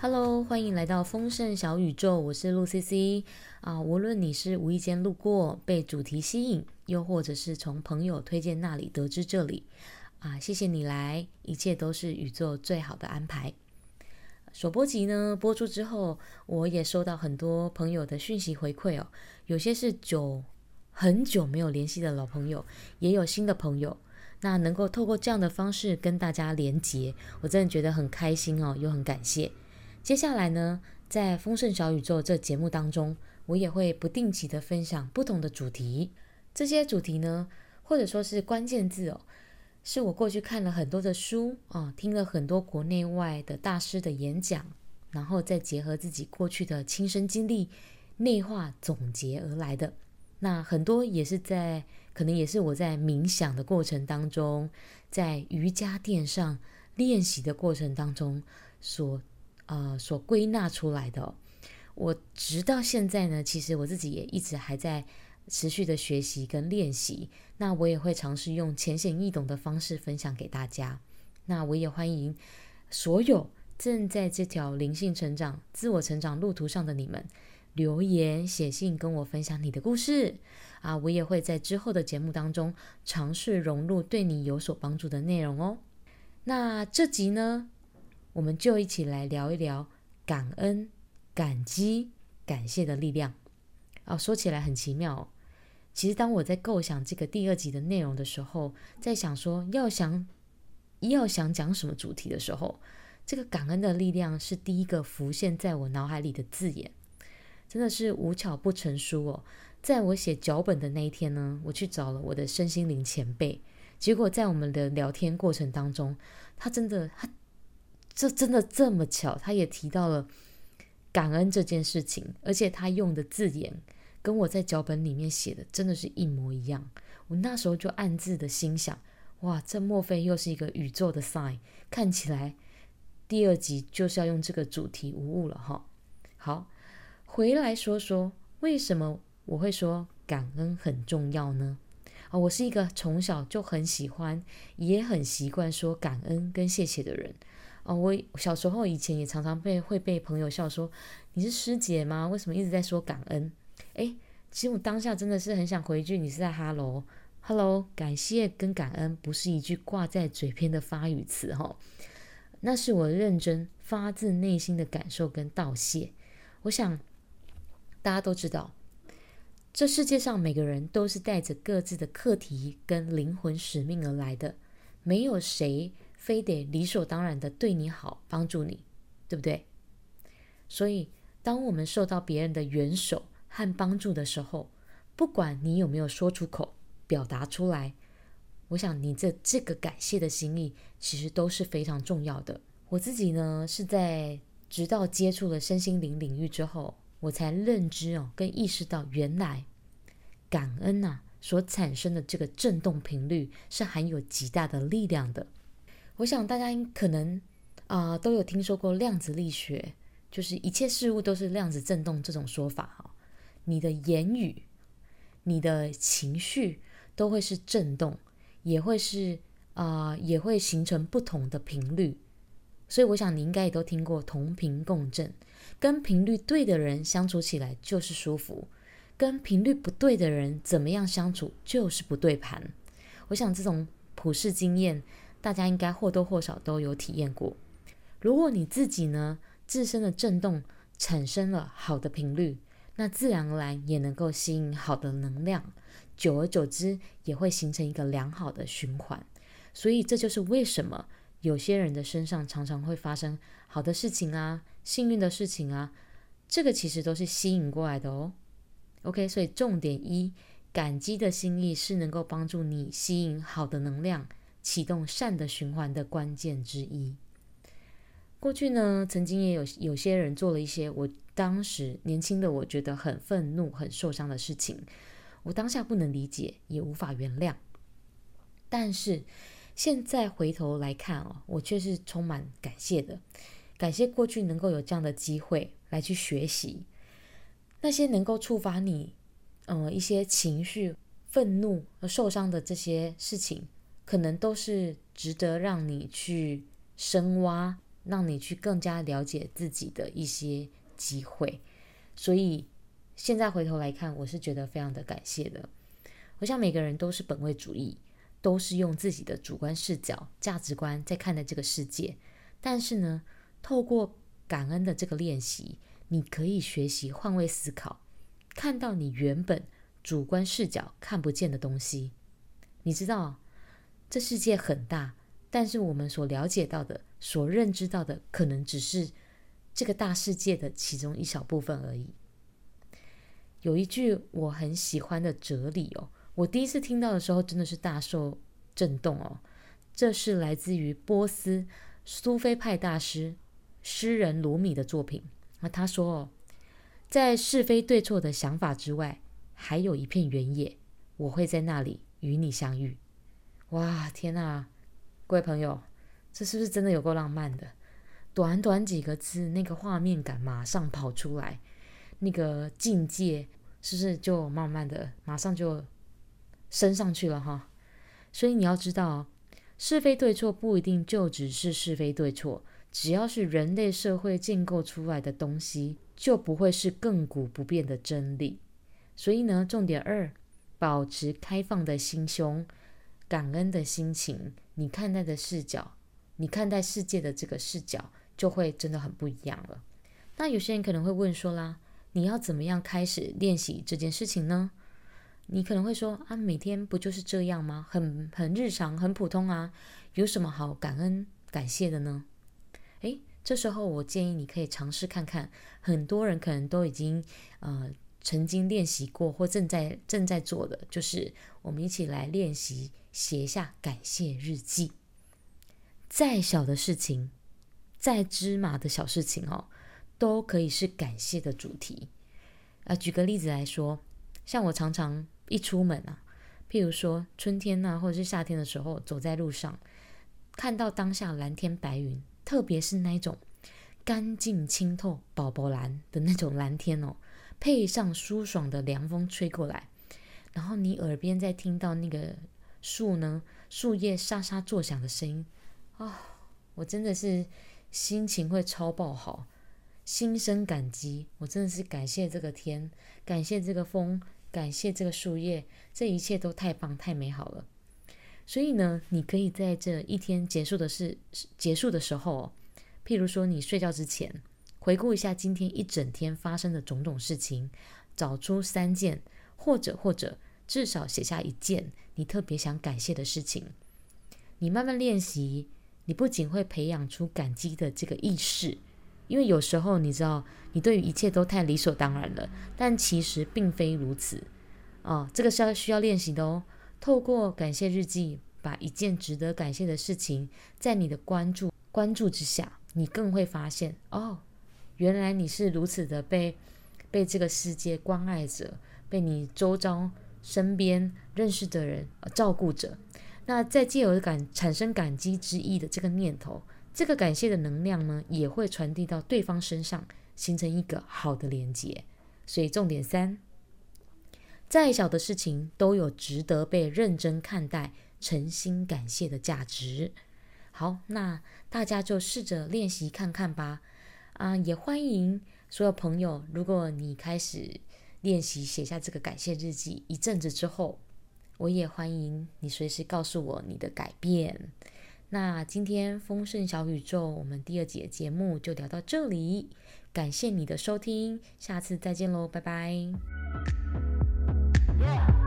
Hello，歡迎來到豐盛小宇宙，我是陸 CC 啊。無論你是無意間路過，被主題吸引，又或者是從朋友推薦那裡得知這裡，啊，謝謝你來，一切都是宇宙最好的安排。首播集呢，播出之後，我也收到很多朋友的訊息回饋哦，有些是久很久沒有聯繫的老朋友，也有新的朋友。那能夠透過這樣的方式跟大家連結，我真的覺得很開心哦，又很感謝。接下來呢，在《豐盛小宇宙》這節目當中，我也會不定期的分享不同的主題。這些主題呢，或者說是關鍵字哦，是我過去看了很多的書啊，聽了很多國內外的大師的演講，然後再結合自己過去的親身經歷，內化總結而來的。那很多也是在，可能也是我在冥想的過程當中，在瑜伽墊上練習的過程當中所。呃，所歸納出來的。我直到現在呢，其實我自己也一直還在持續的學習跟練習。那我也會嘗試用淺顯易懂的方式分享給大家。那我也歡迎所有正在這條靈性成長、自我成長路途上的你們，留言、寫信跟我分享你的故事啊！我也會在之後的節目當中嘗試融入對你有所幫助的內容哦。那這集呢，我們就一起來聊一聊感恩、感激、感謝的力量哦。說起來很奇妙哦，其實當我在構想這個第二集的內容的時候，在想說要想要想講什麼主題的時候，這個感恩的力量是第一個浮現在我腦海裡的字眼，真的是無巧不成書哦。在我寫腳本的那一天呢，我去找了我的身心靈前輩，結果在我們的聊天過程當中，他真的他。這真的這麼巧？他也提到了感恩這件事情，而且他用的字眼跟我在腳本裡面寫的真的是一模一樣。我那時候就暗自的心想：哇，這莫非又是一個宇宙的 sign？看起來第二集就是要用這個主題無誤了哈。好，回來說說為什麼我會說感恩很重要呢？啊、哦，我是一個從小就很喜歡、也很習慣說感恩跟謝謝的人。哦，我小時候以前也常常被會被朋友笑說，你是師姐嗎？為什麼一直在說感恩？哎，其實我當下真的是很想回一句，你是在哈嘍，哈嘍，感謝跟感恩不是一句掛在嘴邊的發語詞哈，哦，那是我認真發自內心的感受跟道謝。我想大家都知道，這世界上每個人都是帶着各自的課題跟靈魂使命而來的，沒有誰。非得理所當然的對你好，幫助你，對不對？所以，當我們受到別人的援手和幫助的時候，不管你有沒有說出口、表達出來，我想你這這個感謝的心意，其實都是非常重要的。我自己呢，是在直到接觸了身心靈領域之後，我才認知哦，跟意識到原來感恩吶、啊、所產生的這個震動頻率，是含有極大的力量的。我想大家可能啊、呃、都有聽說過量子力學，就是一切事物都是量子振動這種說法哈。你的言語、你的情緒都會是振動，也會是啊、呃、也會形成不同的頻率。所以我想你應該也都聽過同頻共振，跟頻率對的人相處起來就是舒服，跟頻率不對的人怎麼樣相處就是不對盤。我想這種普世經驗。大家應該或多或少都有體驗過。如果你自己呢，自身的震動產生了好的頻率，那自然而然也能夠吸引好的能量，久而久之也會形成一個良好的循環。所以這就是為什麼有些人的身上常常會發生好的事情啊、幸運的事情啊，這個其實都是吸引過來的哦。OK，所以重點一，感激的心意是能夠幫助你吸引好的能量。啟動善的循環的關鍵之一。過去呢，曾經也有有些人做了一些，我當時年輕的我覺得很憤怒、很受傷的事情。我當下不能理解，也無法原諒。但是現在回頭來看哦，我卻是充滿感謝的，感謝過去能夠有這樣的機會來去學習那些能夠觸發你，呃，一些情緒、憤怒和受傷的這些事情。可能都是值得讓你去深挖，讓你去更加了解自己的一些機會。所以現在回頭來看，我是覺得非常的感謝的。我想每個人都是本位主義，都是用自己的主觀視角、價值觀在看待這個世界。但是呢，透過感恩的這個練習，你可以學習換位思考，看到你原本主觀視角看不見的東西。你知道？這世界很大，但是我們所了解到的、所認知到的，可能只是這個大世界的其中一小部分而已。有一句我很喜歡的哲理哦，我第一次聽到的時候真的是大受震動哦。這是來自於波斯蘇菲派大師詩人魯米的作品，他說：“哦，在是非對錯的想法之外，還有一片原野，我會在那裡與你相遇。”哇，天哪！各位朋友，這是不是真的有夠浪漫的？短短幾個字，那個畫面感馬上跑出來，那個境界是不是就慢慢的馬上就升上去了哈？所以你要知道，是非對錯不一定就只是是非對錯，只要是人類社會建構出來的東西，就不會是亙古不變的真理。所以呢，重點二，保持開放的心胸。感恩的心情，你看待的視角，你看待世界的這個視角就會真的很不一樣了。那有些人可能會問說啦，你要怎麼樣開始練習這件事情呢？你可能會說啊，每天不就是這樣嗎？很很日常，很普通啊，有什麼好感恩感謝的呢？誒，這時候我建議你可以嘗試看看，很多人可能都已經呃曾經練習過或正在正在做的，就是我們一起來練習。寫下感謝日記。再小的事情，再芝麻的小事情哦，都可以是感謝的主題。啊，舉個例子來說，像我常常一出門啊，譬如說春天吶、啊，或者是夏天的時候，走在路上，看到當下藍天白雲，特別是那種乾淨清透、寶寶藍的那種藍天哦，配上舒爽的涼風吹過來，然後你耳邊再聽到那個。樹呢，樹葉沙沙作響的聲音，啊、哦，我真的是心情會超爆好，心生感激。我真的是感謝這個天，感謝這個風，感謝這個樹葉，這一切都太棒太美好了。所以呢，你可以在這一天結束的時結束的時候、哦，譬如說你睡覺之前，回顧一下今天一整天發生的種種事情，找出三件或者或者。或者至少寫下一件你特別想感謝的事情。你慢慢練習，你不僅會培養出感激的這個意識，因為有時候你知道，你對於一切都太理所當然了，但其實並非如此。哦，這個是要需要練習的哦。透過感謝日記，把一件值得感謝的事情，在你的關注，關注之下，你更會發現哦，原來你是如此的被被這個世界關愛着，被你周遭。身邊認識的人、照顧者，那在藉由感產生感激之意的這個念頭，這個感謝的能量呢，也會傳遞到對方身上，形成一個好的連接。所以，重點三，再小的事情都有值得被認真看待、誠心感謝的價值。好，那大家就試着練習看看吧。啊，也歡迎所有朋友，如果你開始。練習寫下這個感謝日記一陣子之後，我也歡迎你隨時告訴我你的改變。那今天豐盛小宇宙我們第二集的節目就聊到這裡，感謝你的收聽，下次再見嘍，拜拜。Yeah!